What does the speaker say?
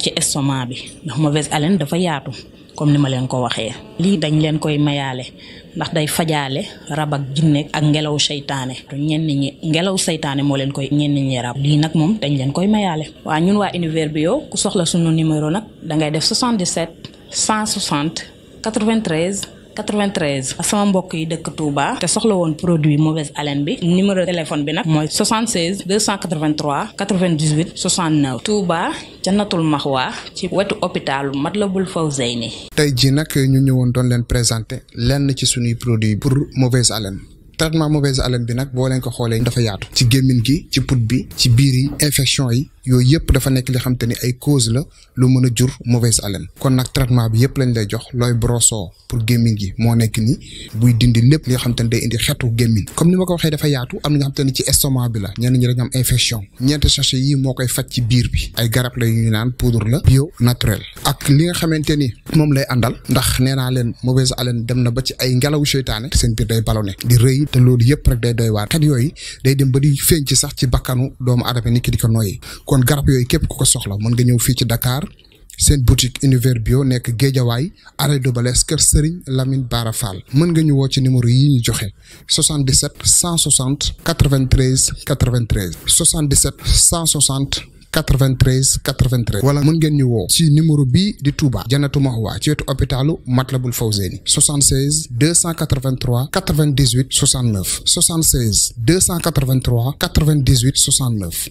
ci estomac bi ndax mauvaise haleine dafa yaatu comme ni ma leen ko waxee. lii dañ leen koy mayaale ndax day fajaale rab ak jinne ak ngelaw seytaane ñenn ñi ngelaw seytaane moo leen koy ñenn ñi rab lii nag moom dañ leen koy mayaale. waa ñun waa univers bio ku soxla sunu numéro nag da ngay def 77 160 93. 93 sama mbokk yi dëkk Touba te soxla woon produit mauvaise haleine bi numéro téléphone bi nag mooy 76 283 98 69 Touba Jannatul Maxwa ci wetu hôpitalu Matlaboul Fawzeyni. tey jii nag ñu ñëwoon doon leen présenter lenn ci suñuy produit pour mauvaise haleine. traitement mauvaise haleine bi nag boo leen ko xoolee dafa yaatu ci gémmiñ gi ci put bi ci biir yi infection yi yooyu yëpp dafa nekk li xam te ni ay cause la lu mën a jur mauvaise haleine kon nag traitement bi yëpp lañ lay jox looy broso pour gémmiñ gi moo nekk ni buy dindi lépp li nga xam te day indi xetu gémmiñ comme ni ko waxee dafa am na nga xam te bi la ñenn ñi dañu am infection ñeenti sachet yi moo koy faj ci biir bi ay garab la yu ñu naan poudre la bio naturel ak li nga xamante ni moom lay àndal ndax nee naa leen mauvaise haleine dem na ba ci ay ngelaw seytaane seen biir day ballonné di rëy te loolu yëpp rek day doy waar xet yooyu day dem ba di feeñ ci sax ci bakkanu doomu aadama ni ki di kon garab yoy kep ko ko soxla mën nga ñew fi ci Dakar sen boutique univers bio nekk Géejawaay arrêt de Balès ker Serigne Lamine Bara Fall mën nga ñu wo ci numéro yi ñu joxe 77 160 93 93 77 160 93 93 wala mën ngeen ñu wo ci numéro bi di Touba Janatu Mahwa ci wetu hôpitalu Matlabul Fawzeni 76 283 98 69 76 283 98 69